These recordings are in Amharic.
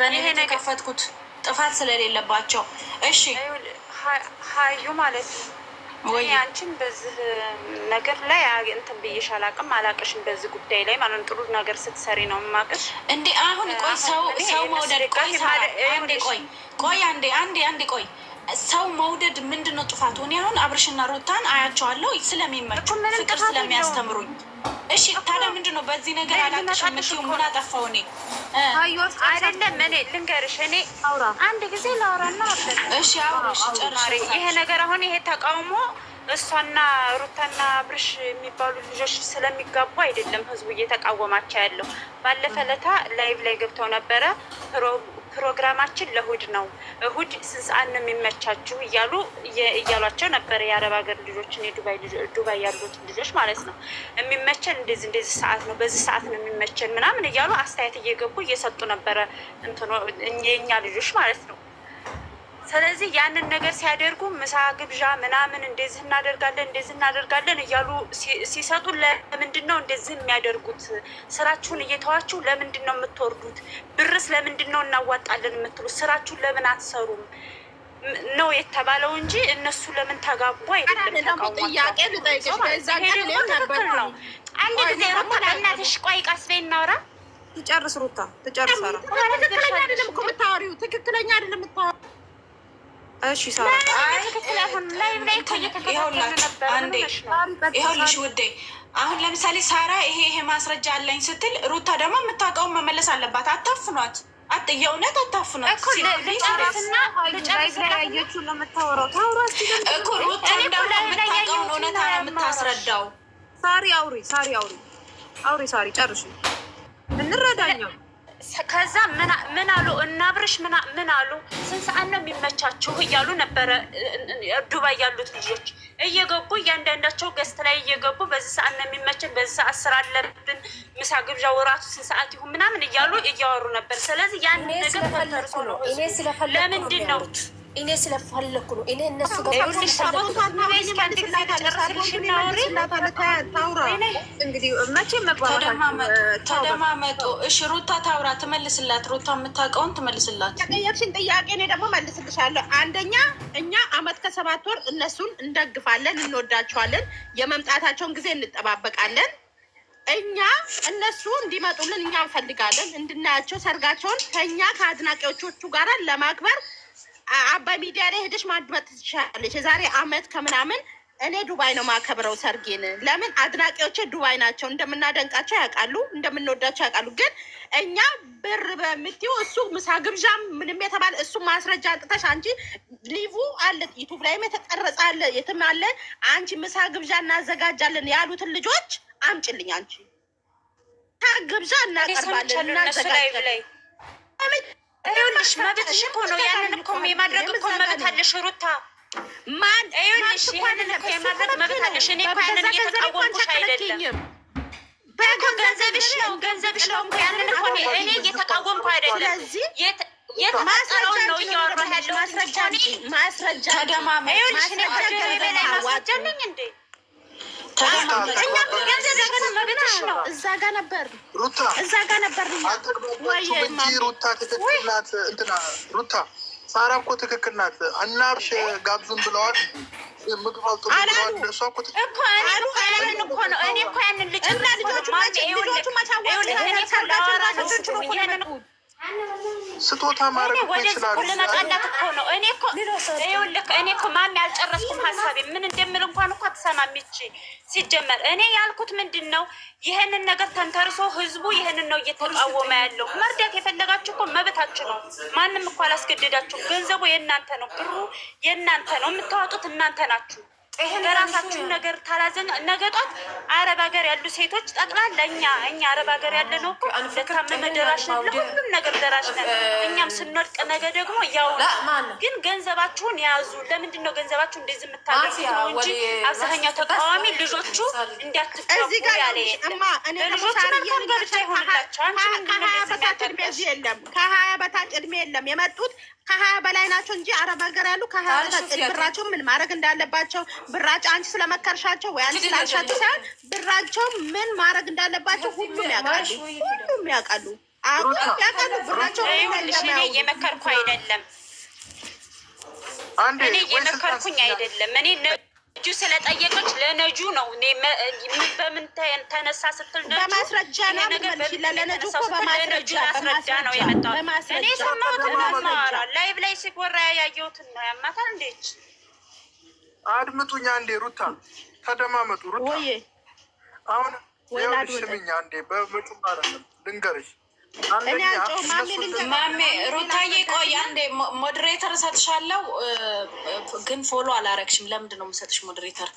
በእኔ ጥፋት ስለሌለባቸው። እሺ ሀዩ ማለት ወይ አንቺን በዚህ ነገር ላይ እንትን ብዬሽ አላውቅም አላውቅሽም። በዚህ ጉዳይ ላይ ማለት ጥሩ ነገር ስትሰሪ ነው የማውቅሽ። አሁን ቆይ ሰው ሰው መውደድ ቆይ ቆይ ቆይ አንዴ አንዴ አንዴ ቆይ ሰው መውደድ ምንድን ነው ጥፋቱ? እኔ አሁን አብርሽና ሩታን አያቸዋለሁ ስለሚመቹ ፍቅር ስለሚያስተምሩኝ እሺ ታዲያ ምንድን ነው በዚህ ነገር አላቅሽም? እሺ ምን አጠፋው? እኔ አይደለም እኔ ልንገርሽ፣ እኔ አንድ ጊዜ ላውራና እሺ አውራሽ ጨርሽ። ይሄ ነገር አሁን ይሄ ተቃውሞ እሷና ሩታና ብርሽ የሚባሉ ልጆች ስለሚጋቡ አይደለም ህዝቡ እየተቃወማቸው ያለው። ባለፈ ለታ ላይቭ ላይ ገብተው ነበረ ፕሮግራማችን ለእሁድ ነው፣ እሁድ ስንት ሰዓት ነው የሚመቻችሁ እያሉ እያሏቸው ነበረ። የአረብ ሀገር ልጆችን ዱባይ ያሉት ልጆች ማለት ነው። የሚመቸን እንደዚህ እንደዚህ ሰዓት ነው፣ በዚህ ሰዓት ነው የሚመቸን ምናምን እያሉ አስተያየት እየገቡ እየሰጡ ነበረ የእኛ ልጆች ማለት ነው። ስለዚህ ያንን ነገር ሲያደርጉ ምሳ ግብዣ ምናምን እንደዚህ እናደርጋለን እንደዚህ እናደርጋለን እያሉ ሲሰጡ ለምንድን ነው እንደዚህ የሚያደርጉት? ስራችሁን እየተዋችሁ ለምንድን ነው የምትወርዱት? ብርስ ለምንድን ነው እናዋጣለን የምትሉት? ስራችሁን ለምን አትሰሩም ነው የተባለው እንጂ እነሱ ለምን ተጋቡ አይደለም። ጥያቄ ልጠይቅሽ ነው። አንድ ጊዜ ሩታ እናትሽ ቆይ ቀስ በይ እናውራ። ትጨርስ ሩታ ትጨርስ። ትክክለኛ አይደለም እኮ የምታወሪው ትክክለኛ አይደለም የምታወሪው እሺ ሳራ ይኸውልሽ ውዴ፣ አሁን ለምሳሌ ሳራ ይሄ ይሄ ማስረጃ አለኝ ስትል ሩታ ደግሞ የምታውቀውን መመለስ አለባት። አታፍኗት፣ የእውነት አታፍኗት። ሩታ ደግሞ የምታውቀውን እውነታ ነው የምታስረዳው። ሳሪ አውሪ፣ ሳሪ አውሪ፣ አውሪ፣ ሳሪ ጨርሽ፣ እንረዳኛው ከዛ ምን አሉ እና ምን አሉ፣ ስንት ሰዓት ነው የሚመቻችሁ እያሉ ነበረ። ዱባይ ያሉት ልጆች እየገቡ እያንዳንዳቸው ገስት ላይ እየገቡ በዚህ ሰዓት ነው የሚመችን፣ በዚህ ሰዓት ስራ አለብን፣ ምሳ ግብዣ፣ ወራቱ ስንት ሰዓት ይሁን ምናምን እያሉ እያወሩ ነበር። ስለዚህ ያን ነገር ተርሶ ነው ለምንድን ነው እኔ ስለፈለኩ ነው። እኔ እነሱ ተደማመጡ። እሺ ሩታ ታውራ ትመልስላት። ሩታ የምታውቀውን ትመልስላት። ጠየቅሽን ጥያቄ እኔ ደግሞ መልስልሻለሁ። አንደኛ እኛ አመት ከሰባት ወር እነሱን እንደግፋለን፣ እንወዳቸዋለን። የመምጣታቸውን ጊዜ እንጠባበቃለን። እኛ እነሱ እንዲመጡልን እኛ እንፈልጋለን፣ እንድናያቸው ሰርጋቸውን ከኛ ከአድናቂዎቹ ጋራ ለማክበር አባይ ሚዲያ ላይ ሄደሽ ማድመጥ ትችላለች። የዛሬ አመት ከምናምን እኔ ዱባይ ነው ማከብረው ሰርጌን። ለምን አድናቂዎች ዱባይ ናቸው። እንደምናደንቃቸው ያውቃሉ፣ እንደምንወዳቸው ያውቃሉ። ግን እኛ ብር በምትዩ እሱ ምሳ ግብዣም ምንም የተባለ እሱ ማስረጃ አንጥተሽ አንቺ ሊቭ አለ ዩቱብ ላይም የተቀረጸ አለ የትም አለ። አንቺ ምሳ ግብዣ እናዘጋጃለን ያሉትን ልጆች አምጭልኝ። አንቺ ግብዣ እናቀርባለን እናዘጋጃለን ይኸውልሽ መብትሽ እኮ ነው። ያንን እኮ የማድረግ እኮ መብት አለሽ ሩታ። ማን ይኸውልሽ ያንን እኮ የማድረግ መብት አለሽ። እኔ እኮ ያንን እየተቃወምኩሽ አይደለም። ገንዘብሽ ነው ገንዘብሽ ነው እኮ ያንን እኮ እኔ እየተቃወምኩ አይደለም። የተፈጠረውን ነው እያወራሁ ያለው ማስረጃ ማስረጃ ተደማመ። ይኸውልሽ እኔ ከጀርባ ላይ ማስረጃ አለኝ እንዴ ተደማመ እየሄድሽ ነው? ሩታ፣ ሳራ እኮ ትክክል ናት። አናብሽ ጋብዙን ብለዋል። ምግብ አውጡ ስጦታ ማድረግ እኮ እኔ እኮ ማሚ አልጨረስኩም ሀሳቤ ምን እንደምል እንኳን እኮ አትሰማም። ይቺ ሲጀመር እኔ ያልኩት ምንድን ነው፣ ይህንን ነገር ተንተርሶ ህዝቡ ይህንን ነው እየተቃወመ ያለው። መርዳት የፈለጋችሁ እኮ መብታችሁ ነው። ማንም እኮ አላስገደዳችሁ። ገንዘቡ የእናንተ ነው፣ ብሩ የእናንተ ነው፣ የምታወጡት እናንተ ናችሁ። በራሳችን ነገር ታላዘን ነገጧት አረብ ሀገር ያሉ ሴቶች ጠቅላላ እኛ እኛ አረብ ሀገር ያለ ነው እኮ ለታመመ ደራሽ ነን፣ ለሁሉም ነገር ደራሽ ነን። እኛም ስንወድቅ ነገ ደግሞ ያው ግን ገንዘባችሁን ያዙ። ለምንድን ነው ገንዘባችሁ እንደዚህ የምታገሱ ነው እንጂ አብዛኛው ተቃዋሚ ልጆቹ እንዲያትፈቡ ያለ ለልጆቹ መልካም ጋብቻ ይሆንላቸው። የለም ከሀያ በታች እድሜ የለም የመጡት ከሀያ በላይ ናቸው እንጂ አረብ ሀገር ያሉ ከሀያ በታች ብራቸው ምን ማድረግ እንዳለባቸው ብራቸው አንቺ ስለመከርሻቸው ወይ አንቺ ስላልሻቸው ሳይሆን ብራቸው ምን ማድረግ እንዳለባቸው ሁሉም ያውቃሉ። ሁሉም ያውቃሉ። አሁን ያውቃሉ። ብራቸው የመከርኩ አይደለም እኔ የመከርኩኝ አይደለም እኔ ነጁ ስለጠየቀች ለነጁ ነው። በምን ተነሳ ስትል በማስረጃ ነው ነው የመጣሁት። እኔ ሰማሁት ማራ ላይቭ ላይ ሲወራ ያየሁትን ነው ያማታል እንዴች አድምጡኝ አንዴ፣ ሩታ ተደማመጡ። ሩታ አሁን ስምኝ አንዴ፣ በመጩ ልንገርሽ ማሜ ሩታዬ፣ ቆይ አንዴ ሞዴሬተር እሰጥሻለሁ። ግን ፎሎ አላረግሽም። ለምንድን ነው የምሰጥሽ ሞዴሬተር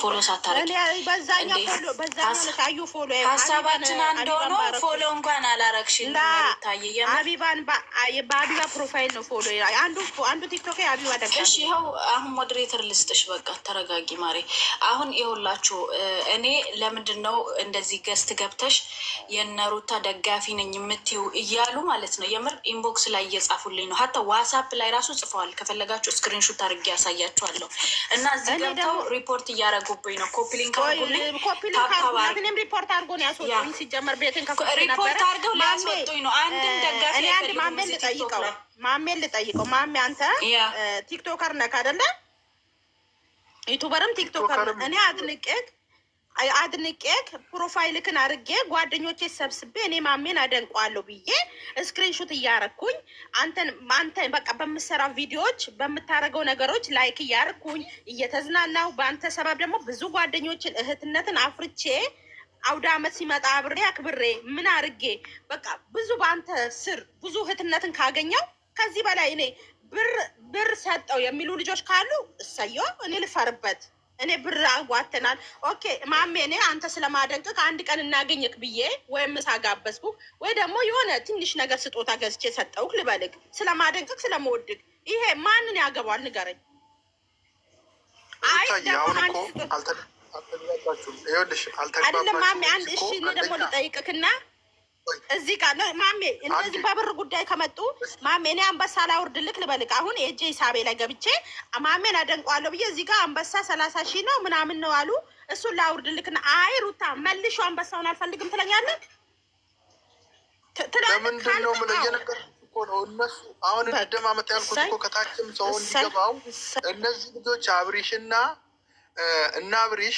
ፎሎ ሳታረግ? ሀሳባችን አንድ ሆኖ ፎሎ እንኳን አላረግሽም። አቢባን በአቢባ ፕሮፋይል ነው ፎሎ አንዱ አንዱ ቲክቶክ አቢባ እሺ፣ ይኸው አሁን ሞዴሬተር ልስጥሽ። በቃ ተረጋጊ ማሬ። አሁን ይኸውላችሁ እኔ ለምንድን ነው እንደዚህ ገስት ገብተሽ የነሩታ ደጋፊ ነኝ የምትይው እያሉ ማለት ነው። የምር ኢንቦክስ ላይ እየጻፉልኝ ነው። ሀታ ዋትሳፕ ላይ ራሱ ጽፈዋል። ከፈለጋችሁ ስክሪንሹት አድርጌ ያሳያችኋለሁ። እና እዚህ ገብተው ሪፖርት እያረጉብኝ ነው። ኮፒሊን ኮፒሊንግ ሪፖርት አድርጎ ነው ያስወጡኝ። ሲጀመር ቤትን ሪፖርት አርገው ሊያስወጡኝ ነው። አንድም ደጋፊ አንድ ማሜን ልጠይቀው ማሜን ልጠይቀው። ማሜ አንተ ቲክቶከር ነክ አይደለ? ዩቱበርም ቲክቶከር እኔ አድንቄክ አድንቄ ፕሮፋይልክን አድርጌ ጓደኞቼ ሰብስቤ እኔ ማሜን አደንቋለሁ ብዬ እስክሪንሹት እያረኩኝ አንተን አንተ በቃ በምሰራ ቪዲዮዎች በምታደርገው ነገሮች ላይክ እያርኩኝ እየተዝናናሁ በአንተ ሰበብ ደግሞ ብዙ ጓደኞችን እህትነትን አፍርቼ አውደ ዓመት ሲመጣ አብሬ አክብሬ ምን አድርጌ በቃ ብዙ በአንተ ስር ብዙ እህትነትን ካገኘው ከዚህ በላይ እኔ ብር ብር ሰጠው የሚሉ ልጆች ካሉ እሰየው እኔ ልፈርበት። እኔ ብር አዋተናል። ኦኬ ማሜ፣ እኔ አንተ ስለማደንቅህ አንድ ቀን እናገኘክ ብዬ ወይም ሳጋበዝኩ ወይ ደግሞ የሆነ ትንሽ ነገር ስጦታ ገዝቼ ሰጠውክ ልበልግ፣ ስለማደንቅክ ስለመወድግ። ይሄ ማንን ያገባል ንገረኝ። አይ አይደለም ማሜ፣ አንድ እሺ፣ እኔ ደግሞ ልጠይቅክና እዚህ ጋር ነው ማሜ። እንደዚህ በብር ጉዳይ ከመጡ ማሜ እኔ አንበሳ ልክ ልበልቅ አሁን የእጄ ሂሳቤ ላይ ገብቼ ማሜን አደንቋለሁ ብዬ እዚህ ጋር አንበሳ ሰላሳ ሺህ ነው ምናምን ነው አሉ። እሱን ላውርድልክና አይ ሩታ መልሾ አንበሳውን አልፈልግም ትለኛለህ። ለምንድን ነው ምን እየነገርኩህ እኮ ነው። እነሱ አሁን እንደማመጥ ያልኩት እኮ ከታችም ሰው እንዲገባው እነዚህ ልጆች አብሪሽና እና አብሪሽ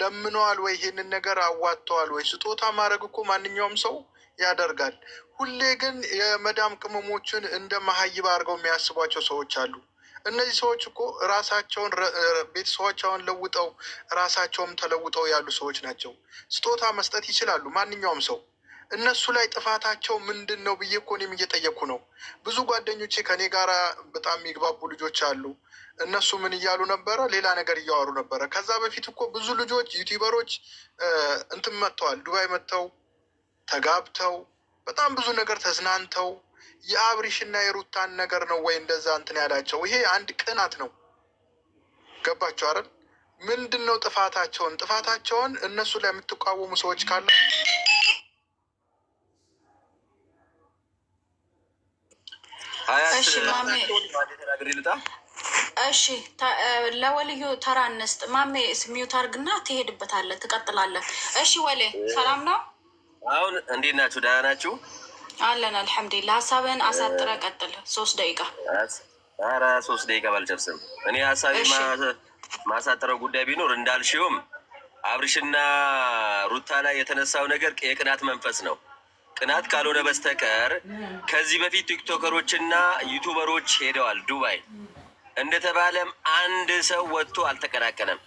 ለምነዋል ወይ? ይሄንን ነገር አዋጥተዋል ወይ? ስጦታ ማድረግ እኮ ማንኛውም ሰው ያደርጋል። ሁሌ ግን የመዳም ቅመሞችን እንደ መሀይብ አድርገው የሚያስቧቸው ሰዎች አሉ። እነዚህ ሰዎች እኮ ራሳቸውን ቤተሰባቸውን ለውጠው ራሳቸውም ተለውጠው ያሉ ሰዎች ናቸው። ስጦታ መስጠት ይችላሉ ማንኛውም ሰው። እነሱ ላይ ጥፋታቸው ምንድን ነው ብዬ እኮ እኔም እየጠየኩ ነው። ብዙ ጓደኞቼ ከኔ ጋር በጣም የሚግባቡ ልጆች አሉ። እነሱ ምን እያሉ ነበረ? ሌላ ነገር እያወሩ ነበረ። ከዛ በፊት እኮ ብዙ ልጆች ዩቲበሮች እንትን መጥተዋል፣ ዱባይ መጥተው ተጋብተው በጣም ብዙ ነገር ተዝናንተው የአብሪሽና የሩታን ነገር ነው ወይ እንደዛ እንትን ያላቸው? ይሄ አንድ ቅናት ነው። ገባቸው አይደል? ምንድን ነው ጥፋታቸውን? ጥፋታቸውን እነሱ ላይ የምትቃወሙ ሰዎች ካለ እሺ ለወልዩ ተራ እንስጥ። ማሜ ስሚዩት አድርግና ትሄድበታለህ፣ ትቀጥላለህ። እሺ ወሌ ሰላም ነው። አሁን እንዴት ናችሁ? ደህና ናችሁ? አለን አልሐምዱሊላህ። ሀሳብን አሳጥረ ቀጥል። ሶስት ደቂቃ ኧረ ሶስት ደቂቃ ባልጨርስም እኔ ሀሳቢ ማሳጥረው ጉዳይ ቢኖር እንዳልሽውም አብርሽና ሩታ ላይ የተነሳው ነገር የቅናት መንፈስ ነው። ቅናት ካልሆነ በስተቀር ከዚህ በፊት ቲክቶከሮችና ዩቱበሮች ሄደዋል ዱባይ እንደተባለም አንድ ሰው ወጥቶ አልተቀናቀነም።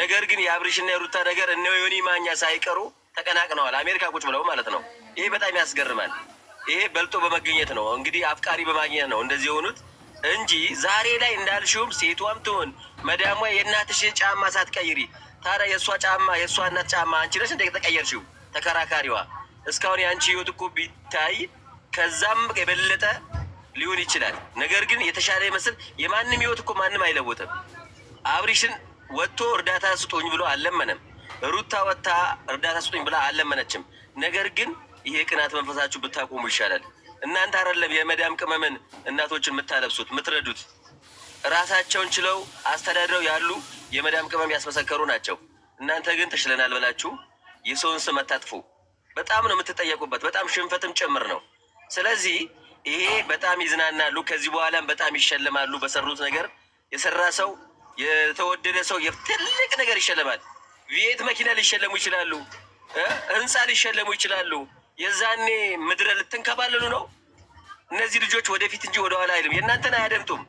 ነገር ግን የአብርሽና የሩታ ነገር እነ ዮኒ ማኛ ሳይቀሩ ተቀናቅነዋል። አሜሪካ ቁጭ ብለው ማለት ነው። ይሄ በጣም ያስገርማል። ይሄ በልጦ በመገኘት ነው እንግዲህ አፍቃሪ በማግኘት ነው እንደዚህ የሆኑት እንጂ ዛሬ ላይ እንዳልሽውም ሴቷም ትሆን መዳሟ የእናትሽ ጫማ ሳትቀይሪ ታዲያ የእሷ ጫማ የእሷ እናት ጫማ አንቺ ነሽ እንደ ተቀየርሽው ተከራካሪዋ። እስካሁን የአንቺ ህይወት እኮ ቢታይ ከዛም የበለጠ ሊሆን ይችላል። ነገር ግን የተሻለ ይመስል የማንም ህይወት እኮ ማንም አይለወጥም። አብሪሽን ወጥቶ እርዳታ ስጦኝ ብሎ አልለመነም። ሩታ ወታ እርዳታ ስጡኝ ብላ አልለመነችም። ነገር ግን ይሄ ቅናት መንፈሳችሁ ብታቆሙ ይሻላል። እናንተ አይደለም የመዳም ቅመምን እናቶችን የምታለብሱት የምትረዱት። ራሳቸውን ችለው አስተዳድረው ያሉ የመዳም ቅመም ያስመሰከሩ ናቸው። እናንተ ግን ተሽለናል ብላችሁ የሰውን ስም አታጥፉ። በጣም ነው የምትጠየቁበት፣ በጣም ሽንፈትም ጭምር ነው። ስለዚህ ይሄ በጣም ይዝናናሉ። ከዚህ በኋላም በጣም ይሸልማሉ። በሰሩት ነገር የሰራ ሰው የተወደደ ሰው ትልቅ ነገር ይሸልማል። ቤት መኪና ሊሸለሙ ይችላሉ፣ ህንፃ ሊሸለሙ ይችላሉ። የዛኔ ምድረ ልትንከባለሉ ነው። እነዚህ ልጆች ወደፊት እንጂ ወደኋላ አይልም። የእናንተን አያደምጡም።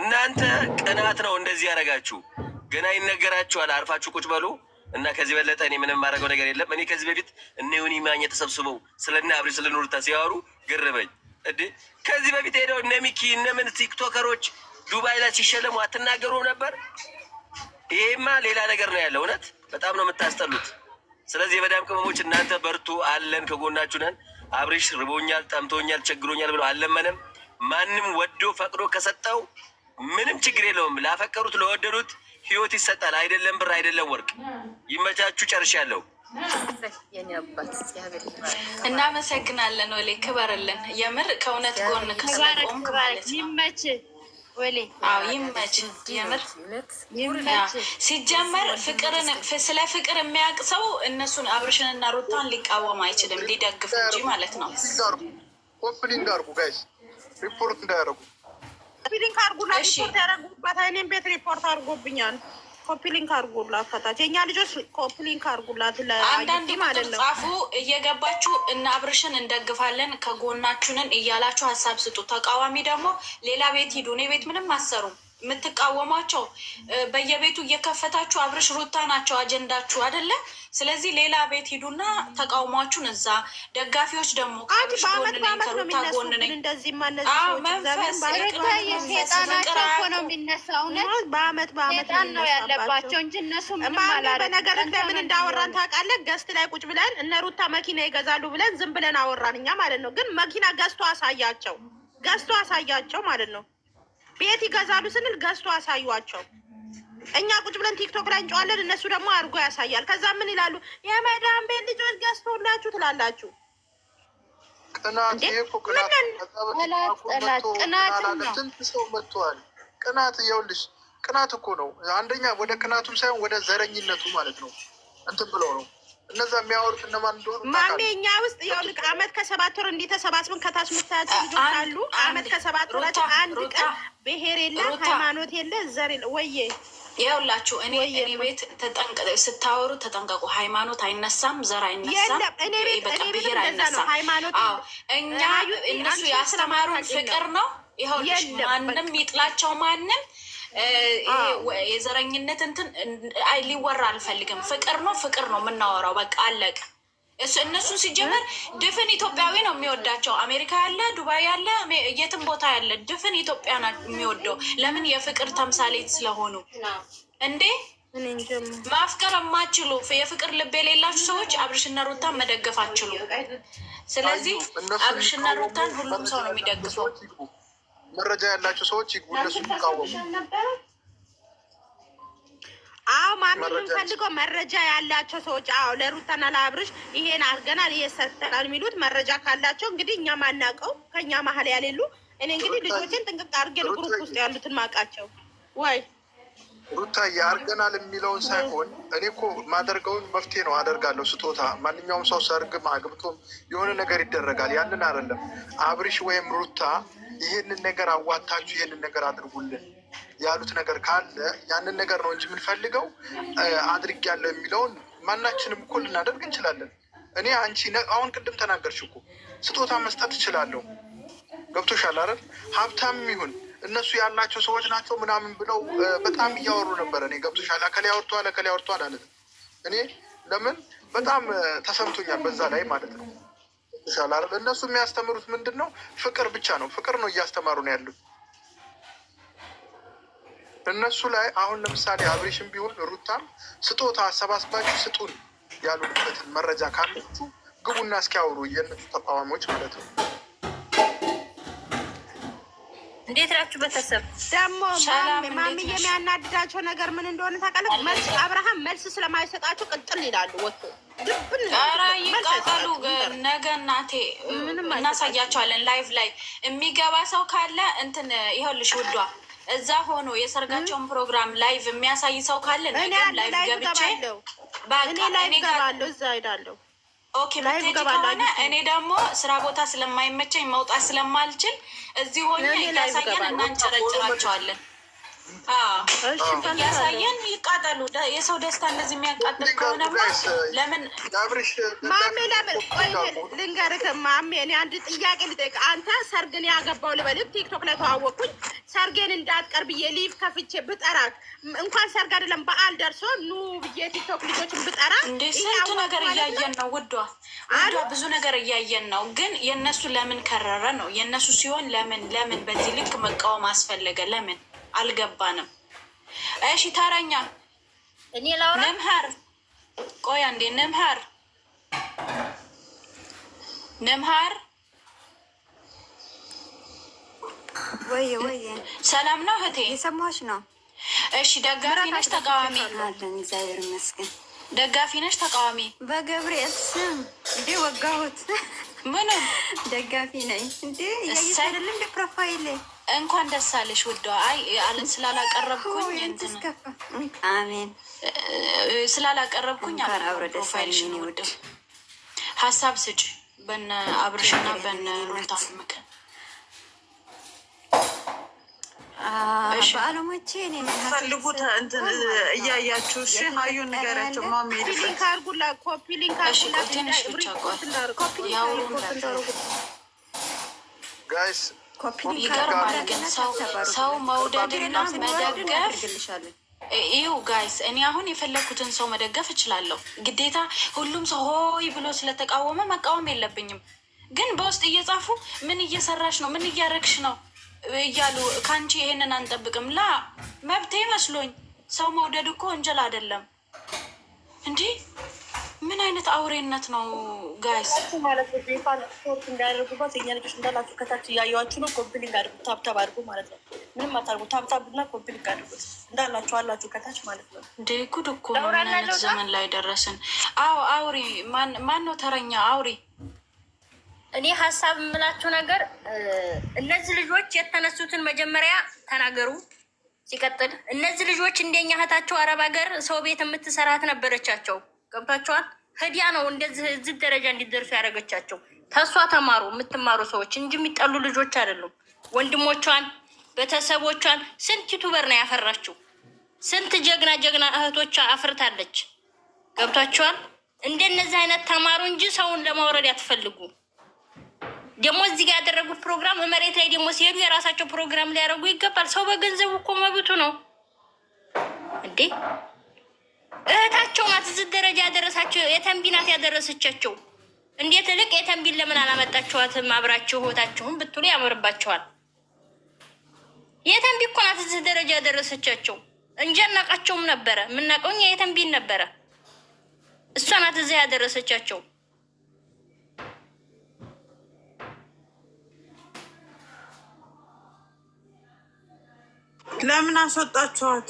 እናንተ ቅናት ነው እንደዚህ ያደረጋችሁ። ገና ይነገራችኋል። አርፋችሁ ቁጭ በሉ እና ከዚህ በለጠ እኔ ምንም ማድረገው ነገር የለም። እኔ ከዚህ በፊት እነ ዮኒ ማኛ ተሰብስበው ስለና አብሪ ስለኖርታ ሲያወሩ ግርበኝ እ ከዚህ በፊት ሄደው እነ ሚኪ እነምን ቲክቶከሮች ዱባይ ላይ ሲሸለሙ አትናገሩም ነበር? ይሄማ ሌላ ነገር ነው ያለው። እውነት በጣም ነው የምታስጠሉት። ስለዚህ የመዳም ቅመሞች እናንተ በርቱ፣ አለን፣ ከጎናችሁ ነን። አብሬሽ ርቦኛል፣ ጠምቶኛል፣ ቸግሮኛል ብሎ አልለመነም። ማንም ወዶ ፈቅዶ ከሰጠው ምንም ችግር የለውም። ላፈቀሩት ለወደዱት ህይወት ይሰጣል። አይደለም ብር፣ አይደለም ወርቅ። ይመቻችሁ። ጨርሻለሁ። እናመሰግናለን። ወሌ ክበርልን። የምር ከእውነት ጎን ከስለቆም ይመችህ ወሌ ሲጀመር ፍቅርን ስለ ፍቅር የሚያውቅ ሰው እነሱን አብርሽን እና ሩታን ሊቃወም አይችልም፣ ሊደግፍ እንጂ ማለት ነው። ኮፕሊንግ አርጉ ጋይስ፣ ሪፖርት እንዳያረጉ ኮፕሊንግ አርጉና ሪፖርት ያረጉበት። እኔም ቤት ሪፖርት አርጎብኛል። ኮፒሊንክ አድርጉላት ከታች የእኛ ልጆች ኮፒሊንክ አርጉላት ለአንዳንድ ማለት ጻፉ እየገባችሁ እና አብርሽን እንደግፋለን ከጎናችሁንን እያላችሁ ሀሳብ ስጡ። ተቃዋሚ ደግሞ ሌላ ቤት ሂዱ። እኔ ቤት ምንም አሰሩም የምትቃወሟቸው በየቤቱ እየከፈታችሁ አብርሽ ሩታ ናቸው አጀንዳችሁ አይደለ? ስለዚህ ሌላ ቤት ሂዱና ተቃውሟችሁን እዛ። ደጋፊዎች ደግሞ በአመት በአመት ነው ያለባቸው እንጂ እነሱ በነገር እንደምን እንዳወራን ታውቃለህ? ገስት ላይ ቁጭ ብለን እነ ሩታ መኪና ይገዛሉ ብለን ዝም ብለን አወራን እኛ ማለት ነው። ግን መኪና ገዝቶ አሳያቸው ገዝቶ አሳያቸው ማለት ነው። ቤት ይገዛሉ ስንል ገዝቶ አሳዩቸው እኛ ቁጭ ብለን ቲክቶክ ላይ እንጨዋለን፣ እነሱ ደግሞ አድርጎ ያሳያል። ከዛ ምን ይላሉ? የመዳን ቤት ልጆች ገዝቶላችሁ ትላላችሁ። ቅናት እኮ ቅናት ይኸውልሽ፣ ቅናት እኮ ነው አንደኛ፣ ወደ ቅናቱም ሳይሆን ወደ ዘረኝነቱ ማለት ነው እንትን ብለው ነው እነዛ የሚያወሩት እነማን እንደሆኑ ማሜ እኛ ውስጥ ይኸውልህ አመት ከሰባት ወር እንዲህ ተሰባስበን ከታች የምታያቸው ልጆች አሉ። አመት ከሰባት ወራት አንድ ቀን ብሄር የለ ሃይማኖት የለ ዘር የለ ወየ ይኸውላችሁ እኔ እኔ ቤት ተጠንቀ ስታወሩ ተጠንቀቁ። ሃይማኖት አይነሳም፣ ዘር አይነሳም፣ ብሄር አይነሳም። እኛ እነሱ ያስተማሩን ፍቅር ነው። ይኸውልሽ ማንም ይጥላቸው ማንም የዘረኝነት እንትን ሊወራ አልፈልግም። ፍቅር ነው ፍቅር ነው የምናወራው። በቃ አለቀ። እነሱ ሲጀመር ድፍን ኢትዮጵያዊ ነው የሚወዳቸው። አሜሪካ ያለ፣ ዱባይ ያለ፣ የትም ቦታ ያለ ድፍን ኢትዮጵያ የሚወደው ለምን? የፍቅር ተምሳሌት ስለሆኑ እንዴ። ማፍቀር የማችሉ የፍቅር ልብ የሌላችሁ ሰዎች አብርሽና ሩታን መደገፍ አችሉ። ስለዚህ አብርሽና ሩታን ሁሉም ሰው ነው የሚደግፈው። መረጃ ያላቸው ሰዎች ይግቡ፣ እነሱ ይቃወሙ። አዎ ማሚ የምንፈልገው መረጃ ያላቸው ሰዎች አዎ፣ ለሩታና ለአብርሽ ይሄን አድርገናል፣ ይሄ ሰጥተናል የሚሉት መረጃ ካላቸው እንግዲህ እኛ ማናውቀው ከእኛ መሀል ያሌሉ እኔ እንግዲህ ልጆችን ጥንቅቅ አድርጌ ግሩፕ ውስጥ ያሉትን ማውቃቸው ወይ ሩታ ያርገናል የሚለውን ሳይሆን እኔ እኮ ማደርገውን መፍትሄ ነው አደርጋለሁ። ስጦታ ማንኛውም ሰው ሰርግም አግብቶም የሆነ ነገር ይደረጋል። ያንን አይደለም አብርሽ ወይም ሩታ ይህንን ነገር አዋታችሁ ይህንን ነገር አድርጉልን ያሉት ነገር ካለ ያንን ነገር ነው እንጂ የምንፈልገው አድርጊያለሁ የሚለውን ማናችንም እኮ ልናደርግ እንችላለን። እኔ አንቺ አሁን ቅድም ተናገርሽ እኮ ስጦታ መስጠት እችላለሁ። ገብቶሻል አይደል? ሀብታም ይሁን እነሱ ያላቸው ሰዎች ናቸው ምናምን ብለው በጣም እያወሩ ነበር። እኔ ገብቶሻል፣ እከሌ አውርቷል፣ እከሌ አውርቷል አለት እኔ ለምን በጣም ተሰምቶኛል፣ በዛ ላይ ማለት ነው ይሻላል። እነሱ የሚያስተምሩት ምንድን ነው? ፍቅር ብቻ ነው። ፍቅር ነው እያስተማሩ ነው ያሉት እነሱ ላይ። አሁን ለምሳሌ አብሬሽን ቢሆን ሩታም ስጦታ አሰባስባችሁ ስጡን ያሉበትን መረጃ ካላችሁ ግቡና እስኪያወሩ የእነሱ ተቃዋሚዎች ማለት ነው። እንዴት ናችሁ? በተሰብ ደግሞ ማሚ የሚያናድዳቸው ነገር ምን እንደሆነ ታውቃለህ? መልስ አብርሃም መልስ ስለማይሰጣቸው ቅጥል ይላሉ። ወጥቶ ድብን ራ ይቃጠሉ ነገ እናቴ እናሳያቸዋለን። ላይቭ ላይ የሚገባ ሰው ካለ እንትን ይኸውልሽ፣ ውዷ እዛ ሆኖ የሰርጋቸውን ፕሮግራም ላይቭ የሚያሳይ ሰው ካለ ነገም ገብቼ እኔ ደግሞ ስራ ቦታ ስለማይመቸኝ መውጣት ስለማልችል እዚህ ሆኜ እያሳየን እናንጨረጭራቸዋለን። ያሳየን ይቃጠሉ። የሰው ደስታ እንደዚህ የሚያቃጥል ከሆነ ለምን ማሜ፣ ለምን ቆይ ልንገርህ ማሜ፣ እኔ አንድ ጥያቄ አንተ ሰርግን ያገባው ቲክቶክ ላይ ተዋወቅኩኝ፣ ሰርጌን እንዳትቀር ብዬ ሊቭ ከፍቼ እንኳን ሰርግ አይደለም በዓል ደርሶ ኑ ብዬ ቲክቶክ ልጆችን ብጠራ ስንቱ ነገር እያየን ነው ውዷ፣ ውዷ ብዙ ነገር እያየን ነው። ግን የእነሱ ለምን ከረረ ነው የእነሱ ሲሆን ለምን ለምን በዚህ ልክ መቃወም አስፈለገ? ለምን አልገባንም። እሺ ተረኛ እኔ ላውራ ነምሃር ቆይ አንዴ። ነምሃር ነምሃር፣ ወይ ወይ ሰላም ነው እህቴ፣ የሰማሽ ነው። እሺ ደጋፊ ነሽ ተቃዋሚ? እግዚአብሔር ይመስገን። ደጋፊ ነሽ ተቃዋሚ? በገብርኤል ስም እንዴ ወጋሁት። ምን ደጋፊ ነኝ እንዴ። ያየሽ አይደለም እንደ ፕሮፋይሌ እንኳን ደስ አለሽ ውዷ። አይ አለን ስላላቀረብኩኝ አሜን ስላላቀረብኩኝ ፕሮፋይልሽን ውድ ሀሳብ ስጭ በነ አብርሽና በነ ሩታ ምክር በአለሞቼ ፈልጉት እያያችሁ እሺ። ሀዩ ንገራቸው ትንሽ ብቻ ጋይስ ይገርማል። ግን ሰው መውደድና መደገፍ ይው ጋይስ፣ እኔ አሁን የፈለግኩትን ሰው መደገፍ እችላለሁ። ግዴታ ሁሉም ሰው ሆይ ብሎ ስለተቃወመ መቃወም የለብኝም። ግን በውስጥ እየጻፉ ምን እየሰራሽ ነው፣ ምን እያረግሽ ነው እያሉ ከአንቺ ይሄንን አንጠብቅም። ላ መብቴ መስሎኝ ሰው መውደድ እኮ ወንጀል አይደለም እንዲህ አይነት አውሬነት ነው ጋይስ ማለት ነው። ቤቷን ስፖርት እንዳያደርጉባት የኛ ልጆች እንዳላችሁ ከታች እያየዋችሁ ነው። ኮምፕሊንግ አድርጉት፣ ታብታብ አድርጉ ማለት ነው። ምንም አታርጉ፣ ታብታብ እና ኮምፕሊንግ አድርጉት እንዳላችሁ አላችሁ ከታች ማለት ነው። እንዴ ጉድ እኮ ምን ዘመን ላይ ደረስን። አዎ አውሪ ማን ነው ተረኛ አውሪ? እኔ ሀሳብ የምላችሁ ነገር እነዚህ ልጆች የተነሱትን መጀመሪያ ተናገሩ። ሲቀጥል እነዚህ ልጆች እንደኛ እህታቸው አረብ ሀገር ሰው ቤት የምትሰራት ነበረቻቸው። ገብቷቸዋል ህዲያ ነው እንደዚህ እዚህ ደረጃ እንዲደርሱ ያደረገቻቸው። ተሷ ተማሩ የምትማሩ ሰዎች እንጂ የሚጠሉ ልጆች አይደሉም። ወንድሞቿን፣ ቤተሰቦቿን ስንት ዩቱበር ነው ያፈራችው። ስንት ጀግና ጀግና እህቶቿ አፍርታለች። ገብቷቸዋል። እንደነዚህ አይነት ተማሩ እንጂ ሰውን ለማውረድ አትፈልጉ። ደግሞ እዚህ ጋር ያደረጉት ፕሮግራም መሬት ላይ ደግሞ ሲሄዱ የራሳቸው ፕሮግራም ሊያደርጉ ይገባል። ሰው በገንዘቡ እኮ መብቱ ነው እንዴ። እህታቸው ናት እዚህ ደረጃ ያደረሳቸው የተንቢ ናት ያደረሰቻቸው። እንዴት እልቅ የተንቢን ለምን አላመጣችኋትም አብራችሁ እህታችሁን ብትሉ ያምርባቸዋል። የተንቢ እኮ ናት እዚህ ደረጃ ያደረሰቻቸው እንጂ አናቃቸውም ነበረ። የምናውቀው እኛ የተንቢን ነበረ። እሷ ናት እዚህ ያደረሰቻቸው። ለምን አስወጣችኋት?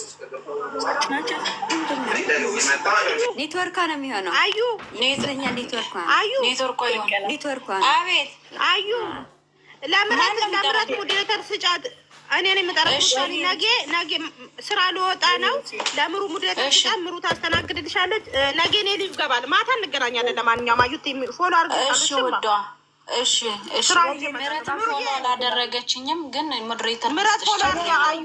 ኔትወርኳ ነው የሚሆነው። አዩ ኔትወርኳ አዩ ኔትወርኳ ኔትወርኳ አቤት አዩ ለምረት ለምረት ሙዴሬተር ስጫት እኔ ነው የምጠረሽ። ነገ ነገ ስራ ልወጣ ነው። ለምሩ ሙዴሬተር ስጫት፣ ምሩ ታስተናግድልሻለች። ነገ እኔ ልጅ ገባል። ማታ እንገናኛለን። ለማንኛውም አዩት ፎሎ አድርጎ እሺ እሺ። ምረት ፎሎ አላደረገችኝም ግን ሙዴሬተር ምረት ፎሎ አድርጋ አዩ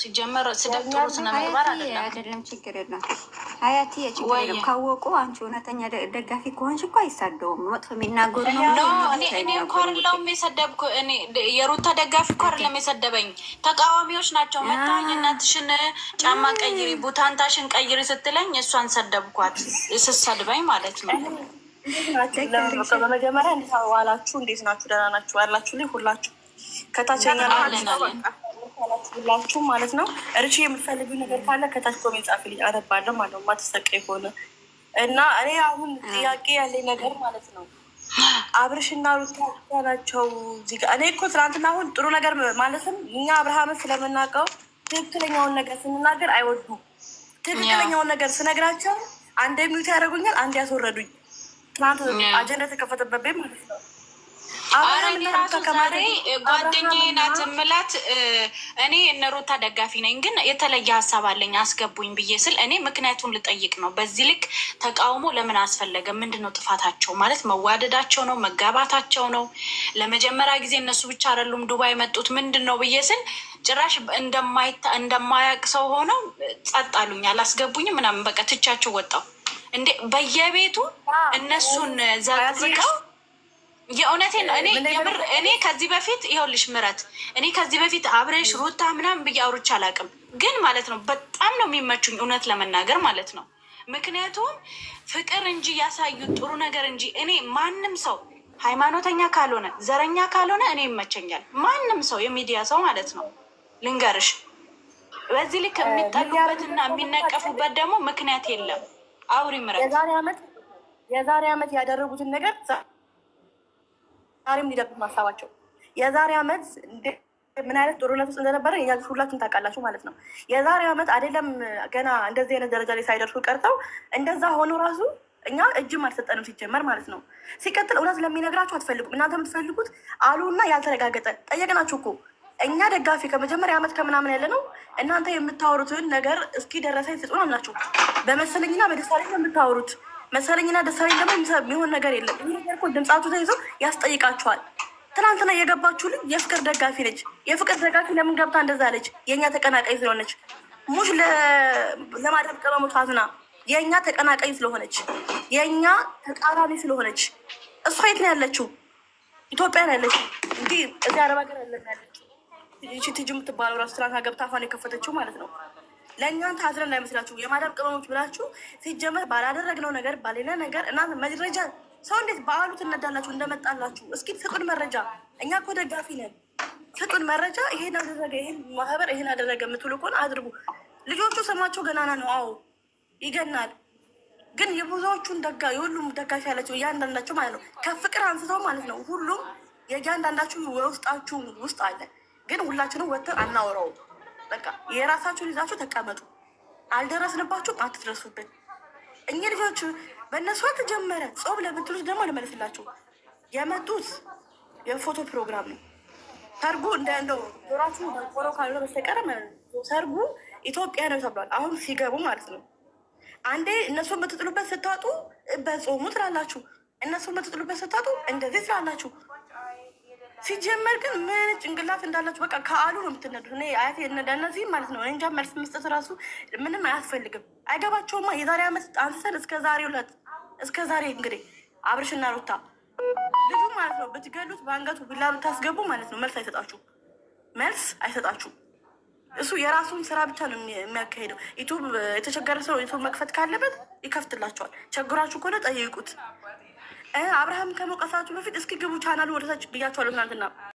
ሲጀመር ስድብ ጥሩ ስነ ምግባር አይደለም። ችግር የለም ሀያቲ ችግር የለም። ካወቁ አንቺ እውነተኛ ደጋፊ ከሆንሽ እኮ አይሳደውም። መጥፎ የሚናገሩ እኔ እኮ አይደለሁም የሰደብኩ እኔ የሩታ ደጋፊ እኮ አይደለም የሰደበኝ፣ ተቃዋሚዎች ናቸው። መታኝነትሽን ጫማ ቀይሪ፣ ቡታንታሽን ቀይሪ ስትለኝ እሷን ሰደብኳት። ስሰድበኝ ማለት ነው። በመጀመሪያ እንዴት ዋላችሁ? እንዴት ናችሁ? ደህና ናችሁ? ያላችሁ ሁላችሁ ከታች ያለ ላችሁ ማለት ነው። እርቺ የምትፈልጉ ነገር ካለ ከታች ኮሜንት ጻፊልኝ፣ አነባለሁ ማለት ነው። ማትሰቀ የሆነ እና እኔ አሁን ጥያቄ ያለኝ ነገር ማለት ነው አብርሽ እና ሩታ ናቸው እዚህ ጋር። እኔ እኮ ትናንትና አሁን ጥሩ ነገር ማለትም እኛ አብርሃምን ስለምናውቀው ትክክለኛውን ነገር ስንናገር አይወዱም። ትክክለኛውን ነገር ስነግራቸው አንድ የሚዩት ያደርጉኛል፣ አንድ ያስወረዱኝ። ትናንት አጀንዳ የተከፈተበት ማለት ነው አረኔ ዛሬ ጓደኛዬ ናት የምላት እኔ እነሩታ ደጋፊ ነኝ፣ ግን የተለየ ሀሳብ አለኝ አስገቡኝ ብዬ ስል እኔ ምክንያቱን ልጠይቅ ነው። በዚህ ልክ ተቃውሞ ለምን አስፈለገ? ምንድን ነው ጥፋታቸው? ማለት መዋደዳቸው ነው መጋባታቸው ነው? ለመጀመሪያ ጊዜ እነሱ ብቻ አይደሉም ዱባይ መጡት ምንድን ነው ብዬ ስል ጭራሽ እንደማያቅ ሰው ሆነው ጸጥ አሉኝ፣ አላስገቡኝም ምናምን በቃ ትቻቸው ወጣው እንዴ በየቤቱ እነሱን ዘቅዝቀው የእውነቴን እኔ የምር እኔ ከዚህ በፊት ይኸውልሽ ምረት እኔ ከዚህ በፊት አብረሽ ሩታ ምናምን ብዬ አውርቼ አላውቅም፣ ግን ማለት ነው በጣም ነው የሚመቹኝ እውነት ለመናገር ማለት ነው። ምክንያቱም ፍቅር እንጂ ያሳዩት ጥሩ ነገር እንጂ እኔ ማንም ሰው ሃይማኖተኛ ካልሆነ ዘረኛ ካልሆነ እኔ ይመቸኛል። ማንም ሰው የሚዲያ ሰው ማለት ነው ልንገርሽ፣ በዚህ ልክ የሚጠሉበትና የሚነቀፉበት ደግሞ ምክንያት የለም። አውሪ ምረት የዛሬ ዓመት ያደረጉትን ነገር ዛሬም ሊደግም ሀሳባቸው የዛሬ ዓመት ምን አይነት ጦርነት ውስጥ እንደነበረ የኛ ሁላችን ታውቃላችሁ ማለት ነው። የዛሬ ዓመት አይደለም ገና እንደዚህ አይነት ደረጃ ላይ ሳይደርሱ ቀርተው እንደዛ ሆኖ ራሱ እኛ እጅም አልሰጠንም ሲጀመር ማለት ነው። ሲቀጥል እውነት ለሚነግራችሁ አትፈልጉም እናንተ የምትፈልጉት አሉና ያልተረጋገጠ ጠየቅናችሁ እኮ እኛ ደጋፊ ከመጀመሪያ ዓመት ከምናምን ያለ ነው። እናንተ የምታወሩትን ነገር እስኪ ደረሰኝ ስጡን አልናችሁ በመሰለኝና በደስታ የምታወሩት መሰለኝና ደሳለኝ ደግሞ የሚሆን ነገር የለም። ይህ ነገር እኮ ድምፃቱ ተይዞ ያስጠይቃችኋል። ትናንትና የገባችሁ ልጅ የፍቅር ደጋፊ ነች። የፍቅር ደጋፊ ለምን ገብታ እንደዛ አለች? የእኛ ተቀናቃይ ስለሆነች ሙሽ ለማድረግ ቅመሞች አዝና የእኛ ተቀናቃይ ስለሆነች የእኛ ተቃራኒ ስለሆነች እሷ የት ነው ያለችው? ኢትዮጵያ ነው ያለችው። እንዲህ እዚህ አረብ ሀገር ያለችው ይቺ ትጅ የምትባለው ራሱ ትናንትና ገብታ አፏን የከፈተችው ማለት ነው። ለእኛን ታዝረን አይመስላችሁ የማዳም ቅመሞች ብላችሁ ሲጀመር ባላደረግነው ነገር ባሌለ ነገር እና መረጃ ሰው እንዴት በዓሉ ትነዳላችሁ እንደመጣላችሁ? እስኪ ፍቅድ መረጃ። እኛ እኮ ደጋፊ ነን። ፍቅድ መረጃ። ይሄን አደረገ፣ ይሄን ማህበር ይሄን አደረገ የምትሉ ከሆነ አድርጉ። ልጆቹ ስማቸው ገናና ነው። አዎ ይገናል። ግን የብዙዎቹን ደጋ የሁሉም ደጋፊ ያላቸው እያንዳንዳቸው ማለት ነው ከፍቅር አንስተው ማለት ነው ሁሉም የእያንዳንዳችሁ የውስጣችሁ ውስጥ አለ። ግን ሁላችንም ወጥተን አናወራውም። በቃ የራሳችሁን ይዛችሁ ተቀመጡ። አልደረስንባችሁም፣ አትድረሱብን። እኛ ልጆች በእነሱ ተጀመረ ጾም ለምትሉት ደግሞ ልመልስላችሁ። የመጡት የፎቶ ፕሮግራም ነው። ሰርጉ እንደ እንደው ዶራችሁ ቆሮ ካልሆነ በስተቀር ሰርጉ ኢትዮጵያ ነው ተብሏል። አሁን ሲገቡ ማለት ነው። አንዴ እነሱ የምትጥሉበት ስታጡ በጾሙ ትላላችሁ፣ እነሱ የምትጥሉበት ስታጡ እንደዚህ ትላላችሁ። ሲጀመር ግን ምን ጭንቅላት እንዳላችሁ በቃ ከአሉ ነው የምትነዱ። እኔ አያት እነዚህም ማለት ነው እንጃ መልስ መስጠት ራሱ ምንም አያስፈልግም። አይገባቸውማ። የዛሬ ዓመት አንስተን እስከ ዛሬ ሁለት እስከ ዛሬ እንግዲህ አብርሽና ሩታ ልጁ ማለት ነው ብትገሉት በአንገቱ ቢላ ብታስገቡ ማለት ነው መልስ አይሰጣችሁ፣ መልስ አይሰጣችሁ። እሱ የራሱን ስራ ብቻ ነው የሚያካሄደው። ዩቱብ የተቸገረ ሰው ዩቱብ መክፈት ካለበት ይከፍትላቸዋል። ቸግራችሁ ከሆነ ጠይቁት። አብርሃም ከመውቀሳችሁ በፊት እስኪ ግቡ ቻናሉ ወደታች ብያቸዋለሁ ትናንትና